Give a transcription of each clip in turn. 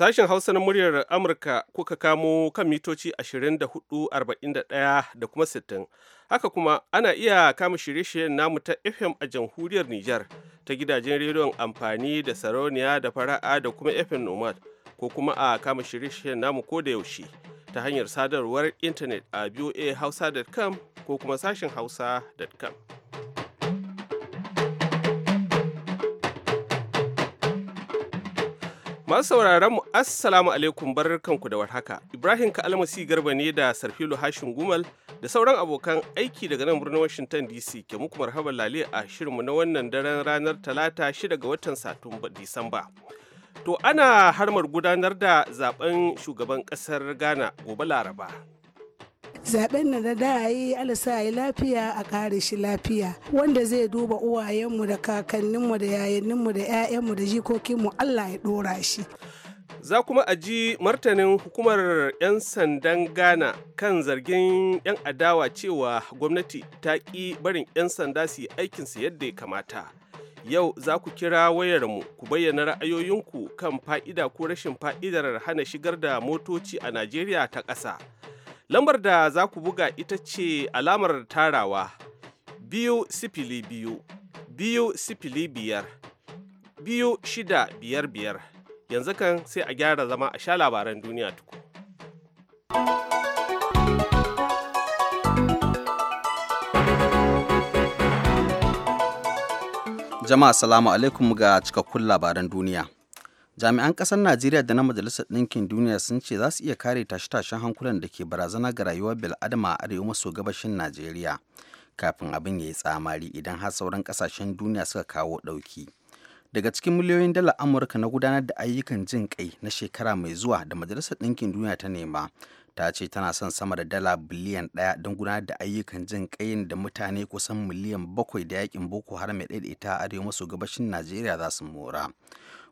Sashen Hausa na muryar Amurka kuka kamo kan mitoci 24,41 da kuma 60. Haka kuma ana iya kama shirye-shiryen namu ta FM a jamhuriyar Nijar ta gidajen rediyon amfani da sarauniya da fara'a da kuma FM Nomad ko kuma a kama shirye-shiryen namu ko da yaushe ta hanyar sadarwar intanet a voahausa.com ko kuma sashen hausa.com. Masu sauraron mu Assalamu alaikum barkanku da warhaka. Ibrahim ka almasi garba ne da Sarfilo Hashin Gumal da sauran abokan aiki daga nan birnin Washington DC ke muku marhaban lale a shirinmu na wannan daren ranar Talata 6 ga watan Satumba Disamba. To ana harmar gudanar da zaben shugaban ƙasar Ghana gobe Laraba. zaben nan da da yi alasa yi lafiya a kare shi lafiya wanda zai duba uwayenmu da kakanninmu da yayanninmu da 'ya'yanmu da jikokinmu allah ya dora shi za kuma a ji martanin hukumar 'yan sandan ghana kan zargin 'yan adawa cewa gwamnati ta ki barin 'yan sanda su yi aikinsu yadda ya kamata yau za ku kira wayarmu ku bayyana ra'ayoyinku kan fa'ida ko rashin fa'idar hana shigar da motoci a najeriya ta ƙasa lambar da za ku buga ita ce alamar tarawa biyu sifili biyu biyu sifili biyar biyu shida biyar biyar yanzu kan sai a gyara zama a sha labaran duniya tuku. jama'a salamu alaikum ga cikakkun labaran duniya jami'an ƙasar najeriya da na majalisar ɗinkin duniya sun ce za su iya kare tashe-tashen hankulan da ke barazana ga rayuwar bil'adama a arewa maso gabashin najeriya kafin abin ya yi tsamari idan har sauran ƙasashen duniya suka kawo ɗauki daga cikin miliyoyin dala amurka na gudanar da ayyukan jin kai na shekara mai zuwa da majalisar ɗinkin duniya ta nema ta ce tana son sama da dala biliyan ɗaya don gudanar da ayyukan jin kai da mutane kusan miliyan bakwai da yakin boko haram ya a arewa maso gabashin najeriya za su mora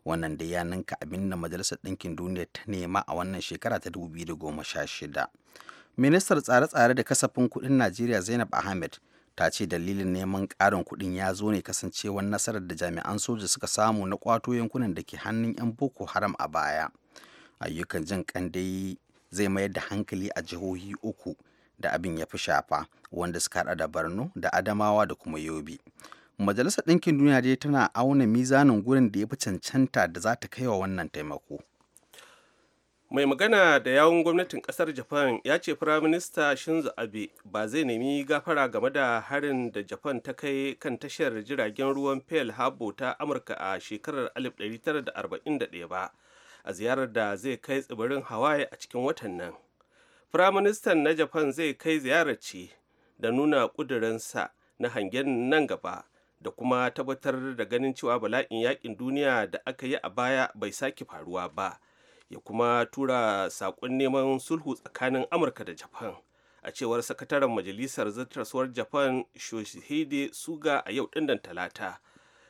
wannan da ya ninka abin da majalisar ɗinkin duniya ta nema a wannan shekara ta 2016 ministar tsare-tsare da kasafin kuɗin najeriya zainab ahmed ta ce dalilin neman ƙarin kuɗin ya zo ne kasancewar nasarar da jami'an soja suka samu na ƙwato yankunan da ke hannun 'yan boko haram a baya ayyukan jin dai zai mayar da hankali a jihohi uku da abin ya fi shafa wanda suka haɗa da borno da adamawa da kuma yobe majalisar ɗinkin duniya dai tana auna mizanin gurin da ya fi cancanta da za ta kai wa wannan taimako mai magana da yawun gwamnatin ƙasar japan ya ce firaminista shinzo abe ba zai nemi gafara game da harin da japan ta kai kan tashar jiragen ruwan pearl harbor ta amurka a shekarar 1941 ba a ziyarar da zai kai tsibirin hawaii a cikin watan nan firaministan na japan zai kai ziyarar ce da nuna ƙudurinsa na hangen nan gaba da kuma tabbatar da ganin cewa bala'in yakin duniya da aka yi a baya bai sake faruwa ba ya kuma tura saƙon neman sulhu tsakanin amurka da japan a cewar sakataren majalisar zartaswar japan shoshihide suga a yau ɗinnan talata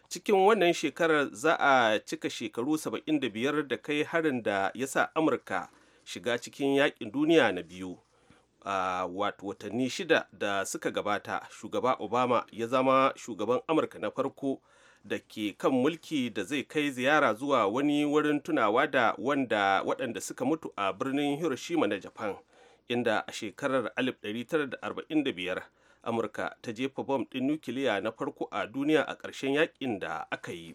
cikin wannan shekarar za a cika shekaru 75 da kai harin da ya sa amurka shiga cikin yakin duniya na biyu A watanni shida da suka gabata shugaba obama ya zama shugaban amurka na farko da ke kan mulki da zai kai ziyara zuwa wani wurin tunawa da wanda waɗanda suka mutu a birnin hiroshima na japan inda a shekarar 1945 amurka ta jefa bom ɗin nukiliya na farko a duniya a ƙarshen yakin da aka yi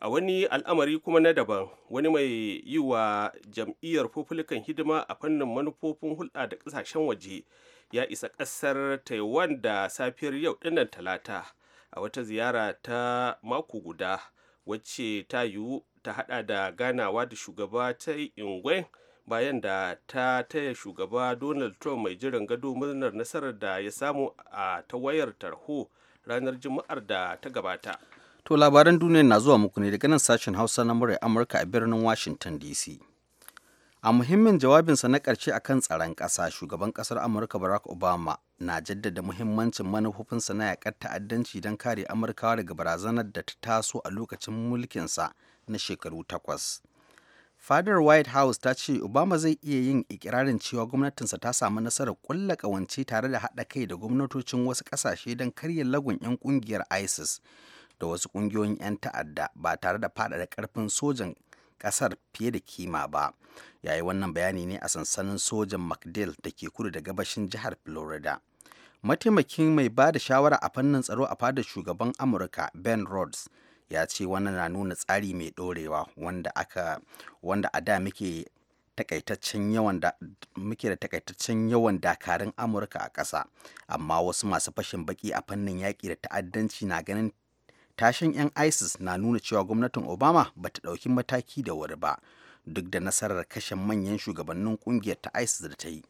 a wani al'amari kuma na daban wani mai yi wa jam'iyyar republican hidima a fannin manufofin hulɗa da ƙasashen waje ya isa ƙasar taiwan da safiyar yau ɗinnan talata a wata ziyara ta mako guda wacce ta yiwu ta hada da ganawa da shugaba ta ingwen bayan da ta taya shugaba donald trump mai jiran gado murnar nasarar da ya samu a ta wayar tarho ranar juma'ar da ta gabata To labaran duniya na zuwa muku ne daga nan sashen Hausa na murya Amurka a birnin Washington DC. A muhimmin jawabinsa na ƙarshe a kan tsaron ƙasa, shugaban ƙasar Amurka Barack Obama na jaddada muhimmancin manufofinsa na yaƙar ta'addanci don kare Amurkawa daga barazanar da ta taso a lokacin mulkinsa na shekaru takwas. Fadar White House ta ce Obama zai iya yin ikirarin cewa gwamnatinsa ta samu nasarar ƙulla ƙawance tare da haɗa kai da gwamnatocin wasu ƙasashe don karya lagun 'yan ƙungiyar ISIS. da wasu ƙungiyoyin 'yan ta'adda ba tare da faɗaɗa ƙarfin sojan ƙasar fiye da kima ba yayi wannan bayani ne a sansanin sojan mcdill da ke kudu da gabashin jihar florida mataimakin mai ba da shawara a fannin tsaro a fadar shugaban amurka ben rhodes ya ce wannan na nuna tsari mai ɗorewa wanda aka wanda a da muke takaitaccen yawan da muke da takaitaccen yawan dakarun amurka a ƙasa amma wasu masu fashin baki a fannin yaƙi da ta'addanci na ganin tashin 'yan isis na nuna cewa gwamnatin obama ba ta ɗauki mataki da wuri ba duk da nasarar kashe manyan shugabannin kungiyar ta isis da ta yi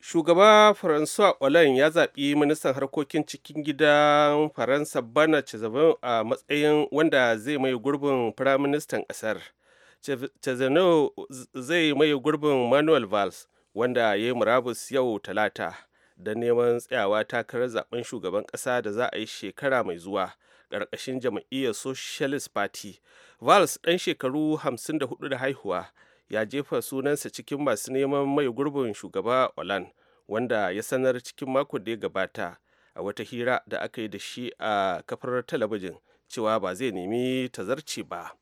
shugaba faransa olan ya zaɓi ministan harkokin cikin gidan faransa bana cezanne a matsayin wanda zai mai gurbin firaministan ƙasar cezanne zai mai gurbin manuel valls wanda ya yi murabus yau talata da neman tsayawa takarar zaben shugaban ƙasa da za a yi shekara mai zuwa ƙarƙashin jam'iyyar socialist party vals ɗan shekaru 54 da haihuwa ya jefa sunansa cikin masu neman mai gurbin shugaba olan wanda ya sanar cikin mako da ya gabata a wata hira da aka yi da shi a kafar talabijin cewa ba zai nemi tazarci ba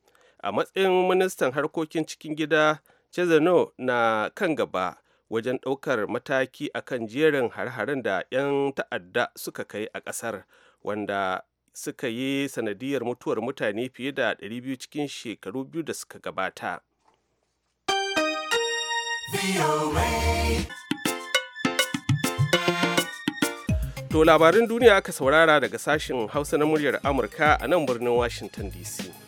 a matsayin ministan harkokin cikin gida cezano na kan gaba wajen ɗaukar mataki a kan jerin har-haren da 'yan ta'adda suka kai a ƙasar wanda suka yi sanadiyar mutuwar mutane fiye da 200 cikin shekaru biyu da suka gabata. To labarin duniya aka saurara daga sashen Hausa na muryar Amurka a nan birnin Washington DC.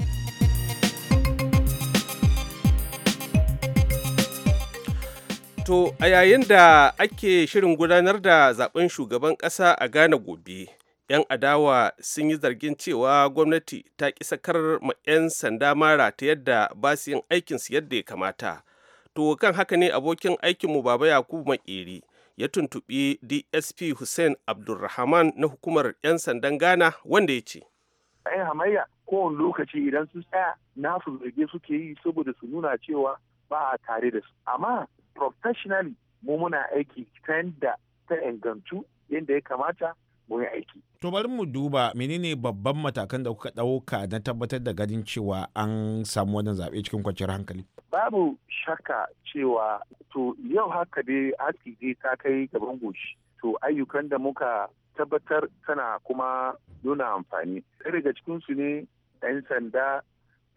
To a yayin da ake shirin gudanar da zaben shugaban ƙasa a Ghana gobe, 'yan adawa sun yi zargin cewa gwamnati ta ƙi sakar ma 'yan sanda mara ta yadda ba su yin aikinsu yadda ya kamata. To kan haka ne abokin aikinmu Baba Yakubu Makeri ya tuntuɓi DSP Hussein Abdulrahman na hukumar 'yan sandan Ghana wanda ya ce. 'Yan hamayya kowane lokaci idan su tsaya na su zarge suke yi saboda su nuna cewa ba a tare da su. Amma professionally mu muna aiki ta yadda ta ingantu yadda ya kamata mu yi aiki. To bari mu duba menene babban matakan da kuka ɗauka na tabbatar da ganin cewa an samu wannan zaɓe cikin kwanciyar hankali. Babu shakka cewa to yau haka dai aski dai ta kai gaban goshi. To ayyukan da muka tabbatar tana kuma nuna amfani. Ɗaya daga su ne 'yan sanda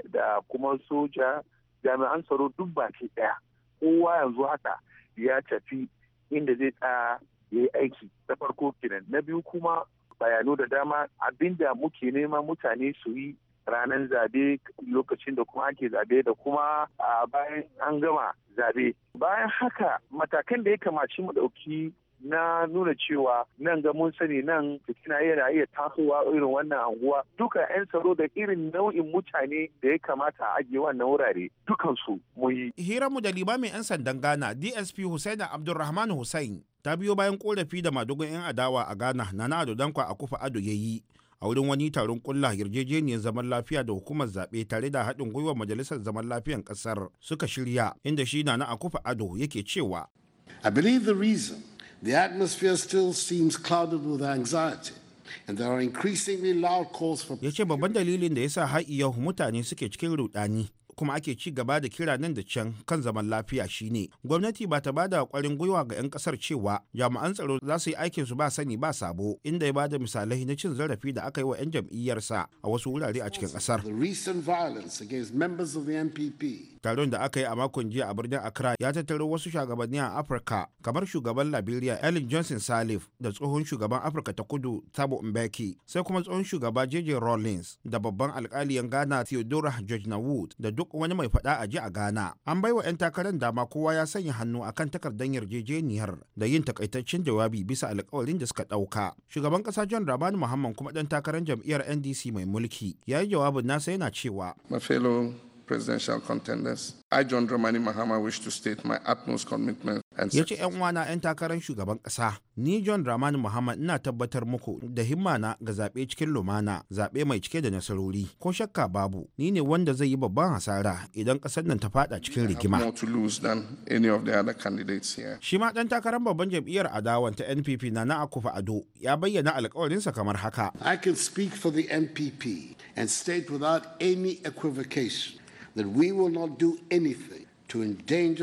da kuma soja jami'an tsaro duk baki ɗaya. kowa yanzu haka ya tafi inda zai tsaya ya yi aiki ta farko kenan na biyu kuma bayanu da dama abinda muke nema mutane su yi ranar zabe lokacin da kuma ake zabe da kuma a bayan an gama zabe bayan haka matakan da ya kamaci mu ɗauki na nuna cewa nan ga mun sani nan fitina yana iya tasowa irin wannan anguwa duka 'yan tsaro da irin nau'in mutane da ya kamata a ajiye wannan wurare dukansu mun yi. Hiranmu da limamin 'yan sandan Ghana DSP Husaina Abdulrahman Hussain ta biyo bayan korafi da madugun 'yan adawa a Ghana na na dankwa a kufa ado ya yi a wurin wani taron kulla yarjejeniyar zaman lafiya da hukumar zaɓe tare da haɗin gwiwar majalisar zaman lafiyan ƙasar suka shirya inda shi na na akufa ado yake cewa. I believe the reason The atmosphere still seems clouded with anxiety. ya ce babban dalilin da ya sa har yau mutane suke cikin rudani kuma ake ci gaba da kira nan da can kan zaman lafiya shine gwamnati ba ta bada kwarin gwiwa ga 'yan kasar cewa jami'an tsaro za su yi aikin su ba sani ba sabo inda ya bada misalai na cin zarafi da aka yi wa 'yan jam'iyyarsa a wasu wurare a cikin kasar. The recent violence against members of the taron da aka yi a makon jiya a birnin accra ya tattaro wasu shugabanni a afirka kamar shugaban liberia ellen johnson salif da tsohon shugaban afirka ta kudu thabo mbeki sai kuma tsohon shugaba jj rawlings da babban alkaliyan ghana theodora george nawood da duk wani mai fada a ji a ghana an bai wa 'yan takarar dama kowa ya sanya hannu akan takardar yarjejeniyar da yin takaitaccen jawabi bisa alkawarin da suka dauka shugaban ƙasa john dramani muhammad kuma dan takarar jam'iyyar ndc mai mulki ya yi jawabin nasa yana cewa presidential contenders. I, John Dramani Mahama, wish to state my utmost commitment ya ce 'yan uwana 'yan takarar shugaban ƙasa ni john dramani muhammad ina tabbatar muku da himmana ga zaɓe cikin lumana zaɓe mai cike da nasarori ko shakka babu ni ne wanda zai yi babban hasara idan ƙasar nan ta faɗa cikin rigima shi ma ɗan takarar babban jam'iyyar adawan ta npp na na akufa ado ya bayyana alkawarinsa kamar haka i can speak for the npp and state without any equivocation that we will not do anything to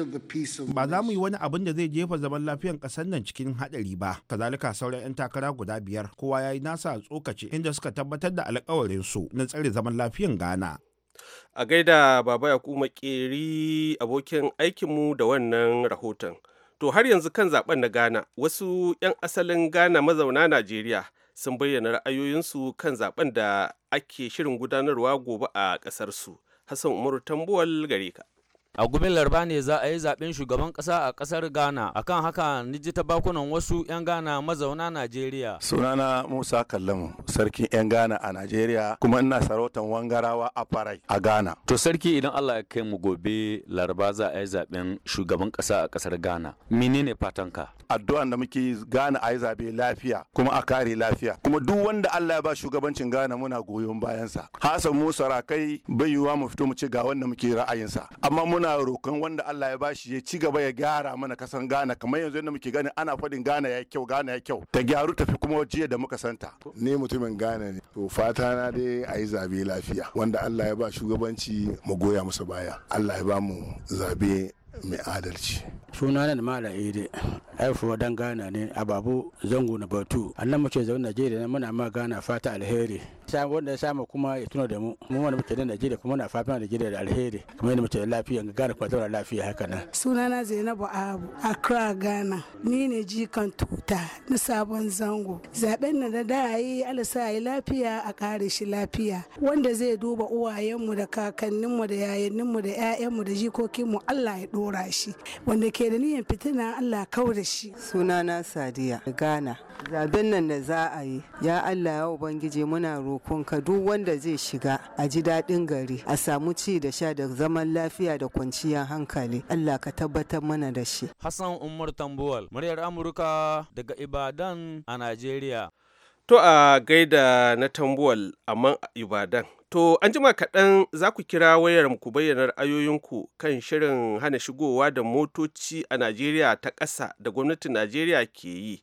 the peace ba za mu yi wani abin da zai jefa zaman lafiyan kasar nan cikin hadari ba kazalika sauran yan takara guda biyar kowa ya yi nasa tsokaci inda suka tabbatar da alkawarin su na tsare zaman lafiyan ghana a gaida baba ya kuma keri abokin aikinmu da wannan rahoton to har yanzu kan zaben na ghana wasu 'yan asalin ghana mazauna najeriya sun bayyana ra'ayoyinsu kan zaben da ake shirin gudanarwa gobe a ƙasarsu Hassan Umaru Tambuwal gare ka. a gumin larba ne za a yi zaben shugaban kasa a kasar ghana akan haka niji ta bakunan wasu 'yan ghana mazauna najeriya sunana musa kallamu sarkin 'yan ghana a najeriya kuma ina sarautan wangarawa a farai a ghana to sarki idan allah ya kai mu gobe larba za a yi zaben shugaban kasa a kasar ghana menene fatanka addu'an da muke ghana a yi zabe lafiya kuma a kare lafiya kuma duk wanda allah ya ba shugabancin ghana muna goyon bayansa hasan musa rakai bai yiwuwa mu fito mu ci ga wanda muke ra'ayinsa amma muna muna roƙon wanda Allah ya bashi ya ci gaba ya gyara mana kasan Ghana kamar yanzu yadda muke gani ana fadin Ghana ya kyau Ghana ya kyau ta gyaru tafi kuma jiya da muka santa ni mutumin Ghana ne to fata na dai a yi zabe lafiya wanda Allah ya ba shugabanci mu goya musu baya Allah ya ba mu zabe mai adalci nan mala ede aifu dan gana ne ababu zango na batu annan muke zaune najeriya muna ma gana fata alheri sai wanda ya samu kuma ya tuna da mu mu wanda muke da Najeriya kuma na fatan Najeriya da alheri kuma yadda muke da lafiya ga gara kuma zaura lafiya haka nan sunana Zainabu Abu akra Ghana ni ne jikan tuta na sabon zango zaben na da da yi alisa yi lafiya a kare shi lafiya wanda zai duba uwayenmu da kakanninmu da yayanninmu da 'ya'yanmu da jikokinmu Allah ya dora shi wanda ke da niyan fitina Allah kaura shi sunana Sadiya Ghana zaben nan da za a yi ya allah ya ubangiji muna rokonka duk wanda zai shiga a ji daɗin gari a samu ci da sha da zaman lafiya da kwanciyar hankali allah ka tabbatar mana da shi hassan umar tambuwal muryar amurka daga ibadan a nigeria to a gaida na tambuwal amma ibadan To, an jima kaɗan za ku kira wayar ku bayyana ra'ayoyinku kan shirin hana shigowa da motoci a Najeriya ta ƙasa da gwamnatin Najeriya ke yi.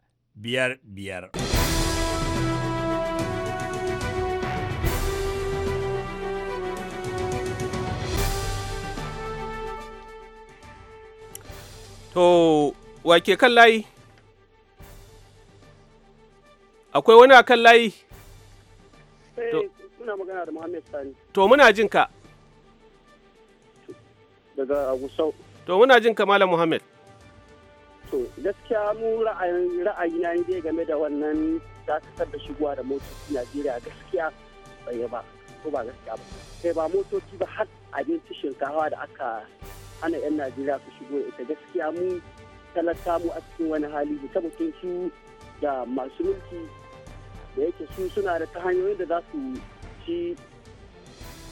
biyar biyar. To, wake kan layi? Akwai wani a kan layi? Eh, muna magana da Muhammad Sani. To, muna jinka. Daga Agusau. To, muna jinka Malam Muhammad. To gaskiya mu ra'ayi na game da wannan za dakatar da shigowa da motoci Najeriya gaskiya bai ba ko ba gaskiya ba. sai ba motoci ba har abinci shinkawa da aka hana 'yan Najeriya su shigo ita gaskiya mu talaka mu a cikin wani hali da mutum su da masu mulki da yake su suna da ta hanyoyin da za su ci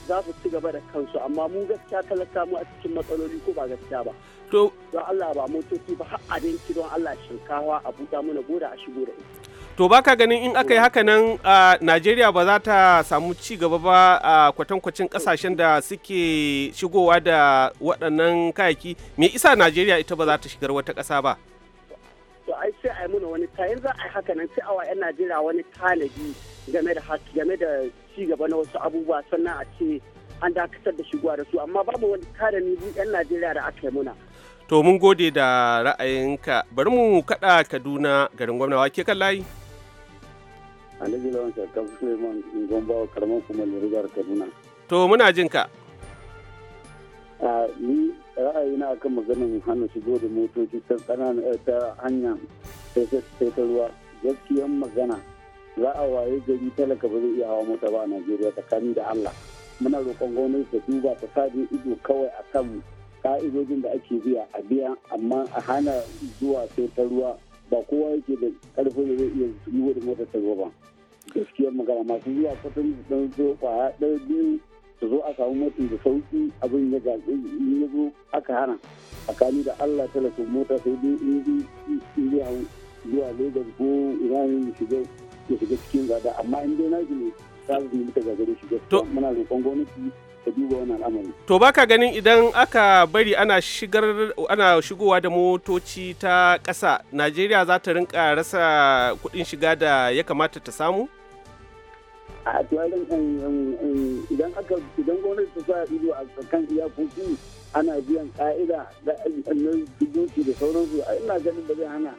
za su ci gaba da kansu amma mu gaskiya talaka mu a cikin matsaloli ko ba gaskiya ba to don Allah ba motoci ba har abinci don Allah shinkawa a buta mana gora a shigo da ita to baka ganin in aka yi haka nan a Najeriya ba za ta samu ci gaba ba a kwatankwacin kasashen da suke shigowa da waɗannan kayaki me isa Najeriya ita ba za ta shigar wata ƙasa ba to ai sai a yi muna wani ta yanzu a yi haka nan sai awa 'yan najeriya wani tanadi game da game da ci gaba na wasu abubuwa sannan a ce an dakatar da shigowa da su amma babu wani tanadi 'yan najeriya da aka yi muna to mun gode da ra'ayinka bari mu kada kaduna garin gwamna ke kan layi alhaji lawan shakar suleiman gombawa karamar kuma rigar kaduna to muna jinka. ka ni ra'ayina akan maganin hana shigo da motoci ta ƙananan eh, ta hanya sai ta ruwa gaskiyan magana za a waye gari talaka ba zai iya hawa mota ba a najeriya tsakani da allah muna roƙon gwamnati ta duba ta sabi ido kawai a kan ka'idojin da ake biya a biya amma a hana zuwa sai ta ruwa ba kowa yake da ƙarfin da zai iya zuwa da mota ta ruwa ba gaskiyar magana masu zuwa kwatan da ɗan zo kwaya ɗaya biyu su zo a samu mafi da sauki abin ya gaji in ya zo aka hana tsakani da allah talaka mota sai dai in in zai hau zuwa lagos ko iran ya shiga ya shiga cikin gada amma in dai na shi ne za su yi muka gagare shiga gaskiya muna roƙon gwamnati ta duba wannan al'amari. To baka ganin idan aka bari ana shigar ana shigowa da motoci ta ƙasa Najeriya za ta rinka rasa kuɗin shiga da ya kamata ta samu? a tuwarin eh, eh, eh, idan aka idan gwamnati ta sa ido a kan iyakoki ana biyan ka'ida da na dubuci da sauransu ina ganin ba zai hana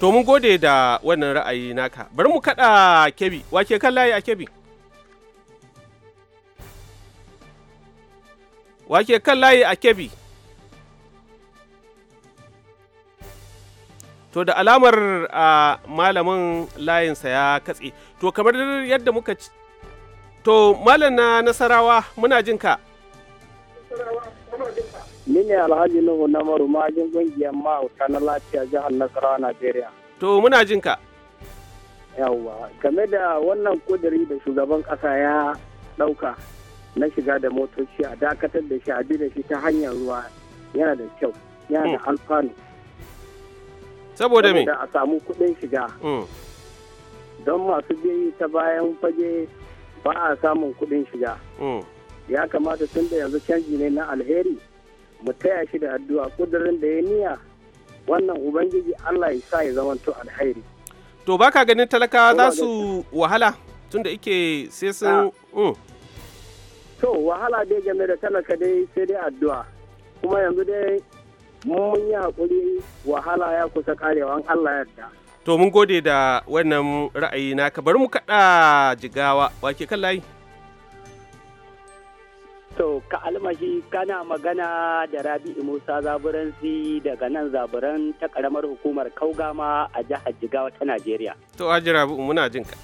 to mun gode da wannan ra'ayi naka bari mu kada kebi wake kan layi a kebi wake kan layi a kebi to da alamar a malamin layinsa ya katse to kamar yadda muka ci to malam na nasarawa muna jin ka ni ne alhaji nuhu na maru majin kungiyar ma'auta na lafiya jihar nasarawa najeriya to muna jin ka yawwa game da wannan kudiri da shugaban kasa ya dauka na shiga da motoci a dakatar da shi a bi da shi ta hanyar ruwa yana da kyau yana da mm. alfanu saboda me a samu kuɗin shiga mm. don masu biyi ta bayan fage ba a samun kuɗin shiga mm. ya kamata tun da yanzu canji ne na alheri mu taya shi da addu'a kudurin da ya niya wannan ubangiji Allah ya sa ya zamanto alheri to baka ganin talakawa za su wahala tun da ike sai sun ah. mm. to wahala dai game da talaka dai sai dai addu'a kuma yanzu dai mun yi hakuri wahala ya kusa karewa an Allah yadda. to mun gode da wannan ra'ayi naka bari mu kaɗa jigawa wake kan layi To, ka almashi kana magana da Rabi'u Musa Zaburansi daga nan Zaburan ta karamar hukumar Kaugama a jihar Jigawa ta Najeriya. To, aji Rabi'u muna jin ka.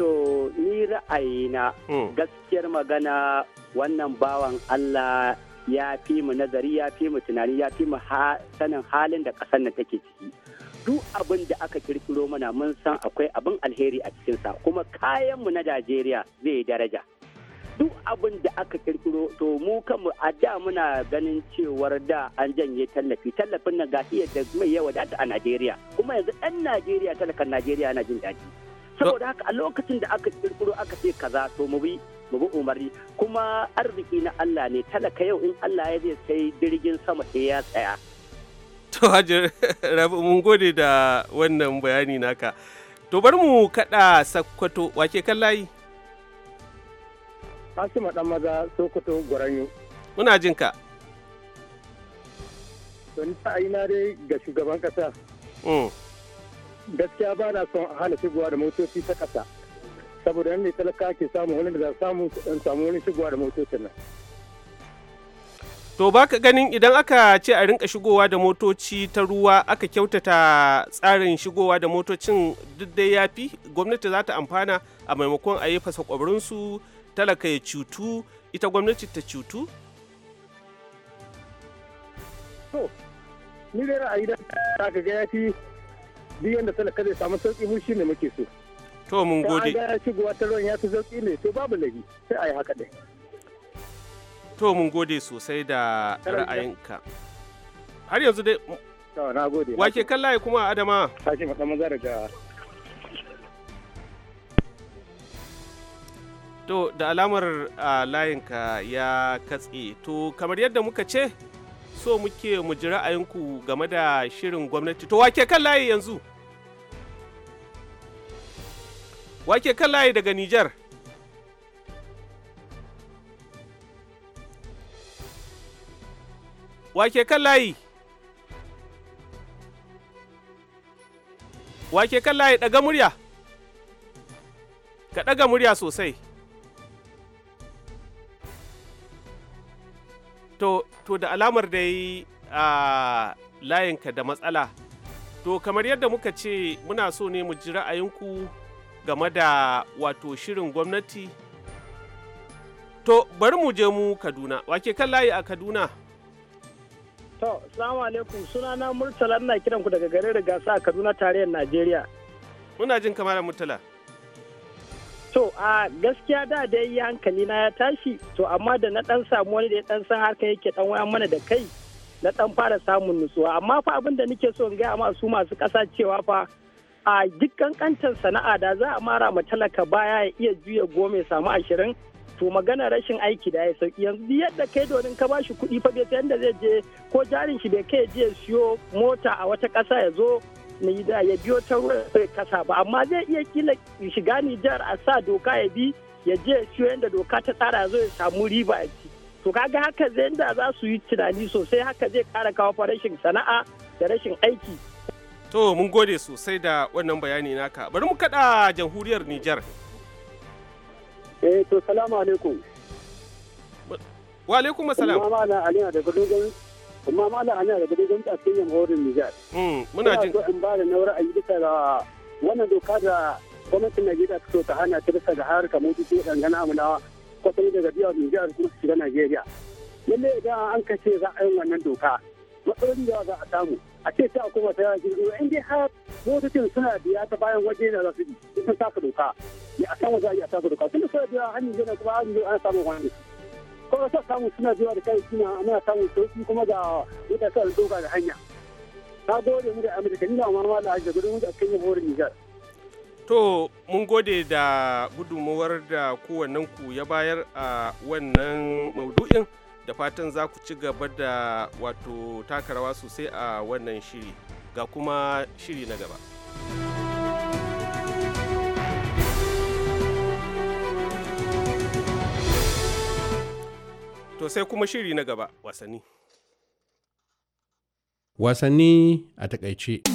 To, ni ra'ayina hmm. gaskiyar magana wannan bawan Allah ya fi mu nazari ya fi mu tunani ya fi mu sanin halin da ƙasar nan take ciki duk abin da aka kirkiro mana mun san akwai abin alheri a cikinsa kuma kayan mu na Najeriya zai daraja duk abin da aka kirkiro to mu kanmu a da muna ganin cewar da an janye tallafi tallafin nan ga iya da mai yawa da a Najeriya kuma yanzu ɗan Najeriya talakan Najeriya na jin daɗi saboda haka a lokacin da aka kirkiro aka ce kaza to mu bi mu bi umarni kuma arziki na Allah ne talaka yau in Allah ya zai sai jirgin sama sai ya tsaya to hajji rabu mun gode da wannan bayani naka to bari mu kada sakkwato wake kan layi Fatima dan maza Sokoto Gwaranyo muna jin ka don na dai ga shugaban kasa mm. gaskiya ba na son hana shigowa da motoci ta kasa saboda nan ne talaka ke samu wani da za samu samu wani shigowa da motocin nan To baka ganin idan aka ce a rinka shigowa da motoci ta ruwa aka kyautata tsarin shigowa da motocin duk dai ya fi gwamnati za ta amfana a maimakon a yi fasa su talaka ya cutu ita gwamnati ta cutu? To, ni dai ra'ayi da ta ga ya fi duk yadda talaka zai samu sauƙi mun shi ne muke so. to mun gode ta ga shigowa ta ruwan ya fi sauki ne to babu laifi sai a yi haka dai to mun gode sosai da ra'ayinka har yanzu dai to na gode wake kallaye kuma adama sashi matsa maza daga to da alamar layinka ya katse to kamar yadda muka ce so muke mu ji ra'ayinku game da shirin gwamnati to wake kan layi yanzu Wake kan layi daga Nijar. Wake kan layi. Wake kan layi daga murya. Ka daga murya sosai. To, to da alamar dai a layinka da matsala. To, kamar yadda muka ce muna so ne mu ji ra'ayinku game da wato shirin gwamnati to bari mu je mu kaduna wake kan layi a kaduna to salamu alaikum sunana murtala ina kiran ku daga garin rigasa a kaduna tarayyar najeriya muna jin kamar murtala to a gaskiya da da dai hankali na ya tashi to amma da na dan samu wani da ya dan san harka yake dan waya mana da kai na dan fara samun nutsuwa amma fa abin da nake so in gaya ma su masu kasa cewa fa a duk kankantar sana'a da za a mara ma talaka baya ya iya juya goma ya samu ashirin to magana rashin aiki da ya sauki yanzu yadda kai domin ka shi kuɗi fa bai yadda zai je ko jarin shi bai kai je siyo mota a wata ƙasa ya zo da ya biyo ta ruwan kasa ba amma zai iya kila shiga Nijar a sa doka ya bi ya je siyo yadda doka ta tsara ya zo ya samu riba a ci to kaga haka zai yadda za su yi tunani sosai haka zai ƙara kawo rashin sana'a da rashin aiki To mun gode sosai da wannan bayani naka. Bari mu kada jamhuriyar Nijar. Eh to salamu alaikum. Wa alaikum assalam. Kuma mala Aliya da dogon kuma mala Aliya daga ta cikin jamhuriyar Nijar. Mm muna jin. Ko so in ba da nawar ayi bisa ga wannan doka da gwamnatin Najeriya ta so ta hana ta bisa ga harkar motoci dangana na kwatanni daga biyar Nijar kuma shiga Najeriya. Lalle idan an kace za a yi wannan doka. matsaloli da za a samu a ce ta kuma ta yawa jirgin ruwa dai har motocin suna biya ta bayan waje na zasu bi sun taka doka ya a samu za a yi a taka doka tun da suna biya hanyar jana kuma hanyar ana samun wani kuma sa samu suna biya da kai suna ana samun sauki kuma ga mutane suna doka da hanya na gode mu da amurka ni na mama da hajjar gudun da kai horin nijar To, mun gode da gudunmawar da kowannen ku ya bayar a wannan maudu'in. da fatan za ku ci gaba da wato taka sosai a wannan shiri ga kuma shiri na gaba. To sai kuma shiri na gaba wasanni. Wasanni a takaice.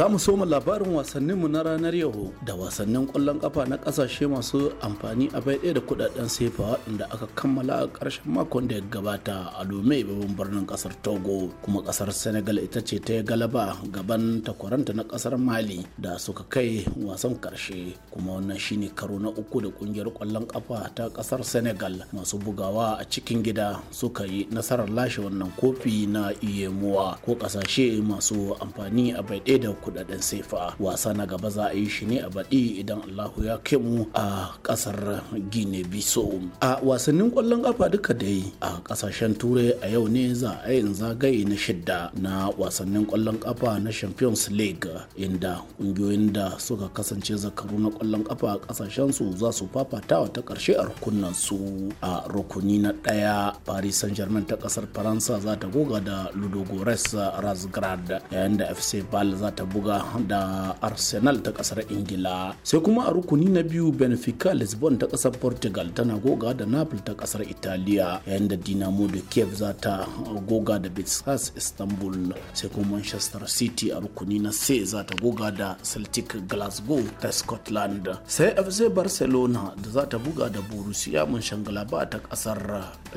Za mu soma labarin wasanninmu na ranar yau da wasannin kwallon ƙafa na ƙasashe masu amfani a bai ɗaya da kuɗaɗen sefa waɗanda aka kammala a ƙarshen makon da ya gabata a Lome babban birnin ƙasar Togo kuma ƙasar Senegal ita ce ta galaba gaban takwaranta na ƙasar Mali da suka kai wasan ƙarshe kuma wannan shine karo na uku da ƙungiyar kwallon ƙafa ta ƙasar Senegal masu bugawa a cikin gida suka yi nasarar lashe wannan kofi na Iyemuwa ko ƙasashe masu amfani a bai ɗaya da kudaden sefa wasa na gaba za a yi shi ne a baɗi idan allahu ya kemu mu a ƙasar gine biso a wasannin ƙwallon ƙafa duka dai a ƙasashen turai a yau ne za a yi zagaye na shidda na wasannin ƙwallon ƙafa na champions league inda ƙungiyoyin da suka kasance zakaru na ƙwallon ƙafa a ƙasashen su za su fafatawa ta ƙarshe a rukunan su a rukuni na ɗaya paris saint germain ta ƙasar faransa za ta goga da ludogorets razgrad yayin da fc bal za ta buga da arsenal ta kasar ingila sai kuma a rukuni na biyu benfica lisbon ta kasar portugal tana goga da napoli ta kasar italiya yayin da dinamo da kiev za ta goga da bitsas istanbul sai kuma manchester city a rukuni na c za ta goga da celtic glasgow ta scotland sai fc barcelona da za ta buga da borussia mönchengladbach ta kasar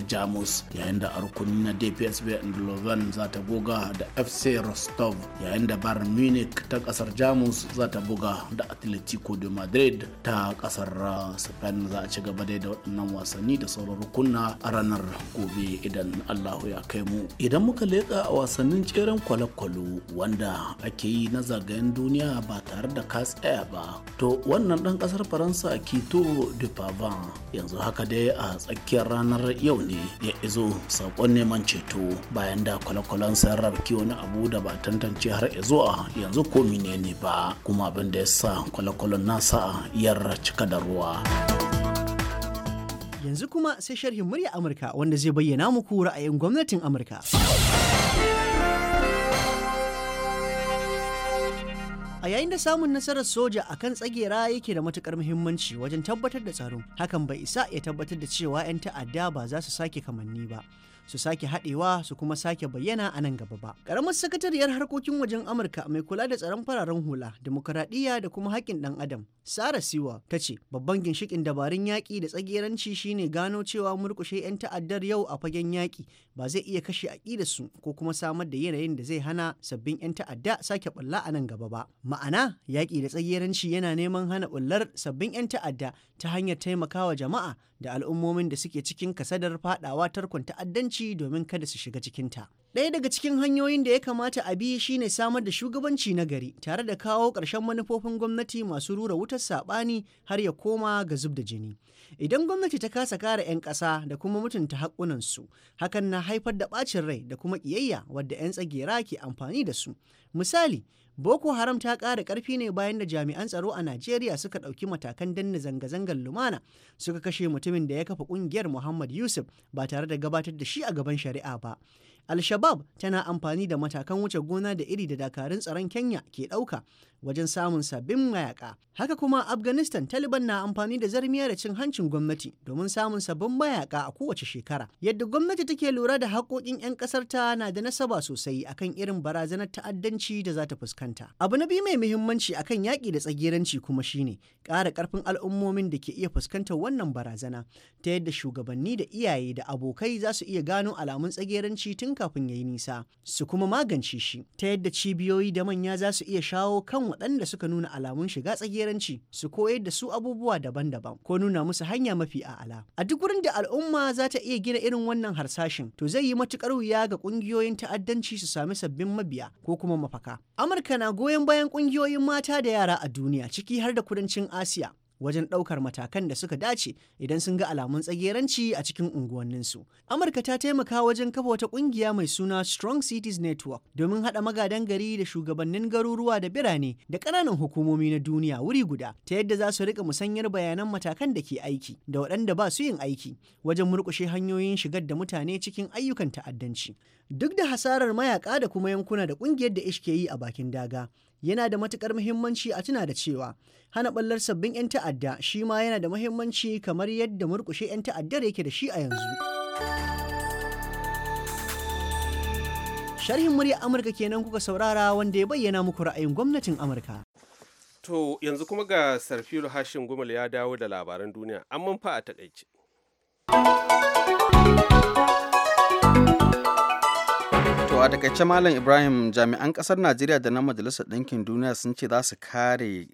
jamus yayin da a rukuni na dpsb eindhoven za ta goga da fc rostov yayin da bayern munich munich ta kasar jamus za ta buga da atletico de madrid ta kasar spain za a ci gaba da waɗannan wasanni da sauran rukunna a ranar gobe idan Allah ya kai mu idan muka leƙa a wasannin tseren kwale wanda ake yi na zagayen duniya ba tare da kas ɗaya ba to wannan ɗan ƙasar faransa kito de pavan, yanzu haka dai a tsakiyar ranar yau ne ya izo saƙon neman ceto bayan da kwale-kwalen da kiwo abu da ba tantance har izuwa yanzu yanzu ko ne ba kuma abin da ya sa kwale-kwalen nasa yar cika da ruwa yanzu kuma sai sharhin murya amurka wanda zai bayyana muku ra'ayin gwamnatin amurka a yayin da samun nasarar soja a kan tsagera yake da matukar muhimmanci wajen tabbatar da tsaro hakan bai isa ya tabbatar da cewa 'yan ta'adda ba za su sake kamanni ba su sake haɗewa su kuma sake bayyana a nan gaba ba. Ƙaramar sakatariyar harkokin wajen Amurka mai kula da tsaron fararen hula, demokuraɗiyya da kuma haƙƙin ɗan adam, Sara Siwa ta ce babban ginshikin dabarun yaƙi da tsagiranci shine gano cewa murƙushe 'yan ta'addar yau a fagen yaƙi ba zai iya kashe su ko kuma samar da yanayin da zai hana sabbin 'yan ta'adda sake ɓulla a nan gaba ba. Ma'ana yaƙi da tsagiranci yana neman hana ɓullar sabbin 'yan ta'adda ta hanyar taimakawa jama'a da al'ummomin da suke cikin kasadar faɗawa tarkon ta'addanci domin kada su shiga cikinta. Ɗaya daga cikin hanyoyin da ya kamata a bi shine samar da shugabanci na gari tare da kawo ƙarshen manufofin gwamnati masu rura wutar saɓani har ya koma ga zub da jini. Idan gwamnati ta kasa kare 'yan ƙasa da kuma mutunta haƙƙunansu, hakan na haifar da ɓacin rai da kuma ƙiyayya wadda 'yan tsagera ke amfani da su. Misali, Boko Haram ta ƙara ƙarfi ne bayan da jami'an tsaro a Najeriya suka ɗauki matakan danna zanga-zangar lumana suka kashe mutumin da ya kafa ƙungiyar Muhammad Yusuf ba tare da gabatar da shi a gaban shari'a ba. Al-Shabab tana amfani da matakan wuce gona da iri da dakarun tsaron Kenya ke ɗauka wajen samun sabbin mayaka. Haka kuma Afghanistan Taliban na amfani da zarmiya da cin hancin gwamnati domin samun sabbin mayaka a kowace shekara. Yadda gwamnati take lura da haƙoƙin 'yan ƙasar na da nasaba sosai akan irin barazanar ta'addanci da za ta fuskanta. Abu na biyu mai muhimmanci akan yaƙi da tsagiranci kuma shine ƙara ƙarfin al'ummomin da ke iya fuskantar wannan barazana ta yadda shugabanni da iyaye da abokai za su iya gano alamun tsagiranci tun kafin ya yi nisa su kuma magance shi ta yadda cibiyoyi da manya za su iya shawo kan waɗanda suka nuna alamun shiga tsageranci su koyar da su abubuwa daban-daban ko nuna musu hanya mafi a'ala a duk wurin da al'umma za ta iya gina irin wannan harsashin to zai yi matukar wuya ga ƙungiyoyin ta'addanci su sami sabbin mabiya ko kuma mafaka amurka na goyon bayan ƙungiyoyin mata da yara a duniya ciki har da kudancin asiya wajen ɗaukar matakan da suka dace idan sun ga alamun tsageranci a cikin unguwanninsu. Amurka ta taimaka wajen kafa wata ƙungiya mai suna Strong Cities Network domin haɗa magadan gari da shugabannin garuruwa da birane da ƙananan hukumomi na duniya wuri guda ta yadda za su riƙa musanyar bayanan matakan da ke aiki da waɗanda ba su yin aiki wajen murƙushe hanyoyin shigar da mutane cikin ayyukan ta'addanci. Duk da hasarar mayaka da kuma yankuna da ƙungiyar da iske yi a bakin daga, yana da matukar muhimmanci a tuna da cewa hana ɓallar sabbin 'yan ta'adda shi ma yana da muhimmanci kamar yadda murkushe 'yan ta'addar yake da shi a yanzu. Sharhin murya Amurka kenan kuka saurara wanda ya bayyana muku ra'ayin gwamnatin Amurka. To yanzu kuma ga sarfiru hashin Gumal ya dawo da labaran duniya, an manfa a takaice. a takaice Malam Ibrahim jami'an kasar Najeriya da na Majalisar Ɗinkin Duniya sun ce za su kare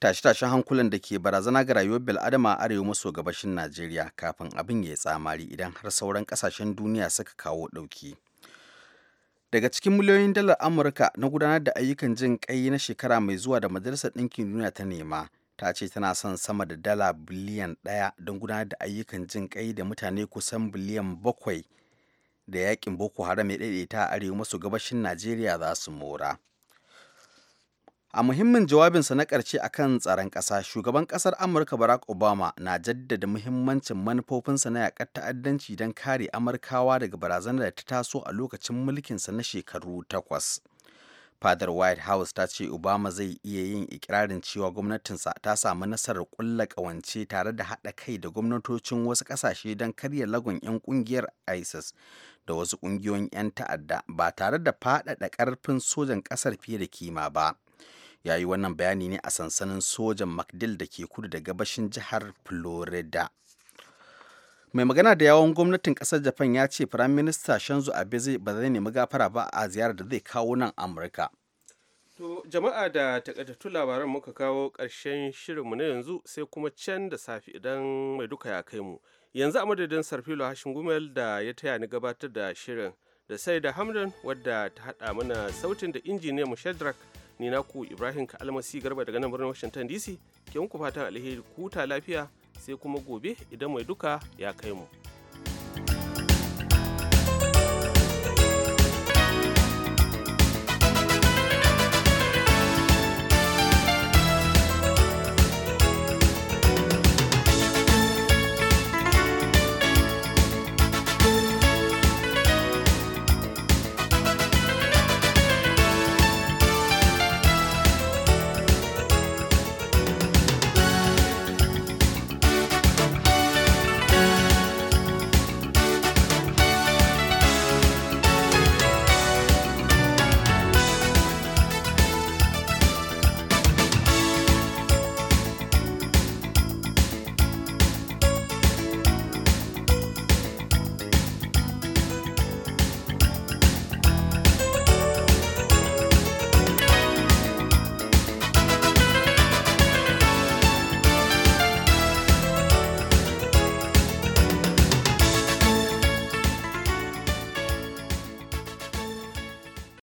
tashe-tashen hankulan da ke barazana ga rayuwar bil'adama a arewa maso gabashin Najeriya kafin abin ya yi tsamari idan har sauran kasashen duniya suka kawo ɗauki. Daga cikin miliyoyin dalar Amurka na gudanar da ayyukan jin kai na shekara mai zuwa da Majalisar Ɗinkin Duniya ta nema, ta ce tana son sama da dala biliyan ɗaya don gudanar da ayyukan jin kai da mutane kusan biliyan bakwai da yakin boko haram ya daidaita a arewa maso gabashin najeriya za su mora a muhimmin jawabinsa na ƙarshe a kan tsaron ƙasa shugaban ƙasar amurka barack obama na jaddada muhimmancin manufofinsa na yaƙar ta'addanci don kare amurkawa daga barazanar da ta taso a lokacin mulkinsa na shekaru takwas fadar white house ta ce obama zai iya yin ikirarin cewa gwamnatinsa ta samu nasarar kulla kawance tare da haɗa kai da gwamnatocin wasu ƙasashe don karya lagon 'yan ƙungiyar isis da wasu ƙungiyoyin 'yan ta'adda ba tare da faɗaɗa ƙarfin sojan ƙasar fiye da kima ba ya yi wannan bayani ne a sansanin sojan mcdill da ke kudu da gabashin jihar florida mai magana da yawon gwamnatin kasar japan ya ce firayim minista shanzu abe ba zai nemi gafara ba a ziyarar da zai kawo nan amurka to jama'a da takaitattun labaran muka kawo ƙarshen shirinmu na yanzu sai kuma can da safi idan mai duka ya kai mu yanzu a madadin sarfilo hashin gumel da ya taya ni gabatar da shirin da sai da hamdan wadda ta haɗa mana sautin da injiniya mushadrak ni naku ibrahim ka almasi garba daga nan birnin washington dc ke muku fatan alheri kuta lafiya sai kuma gobe idan mai duka ya kai mu.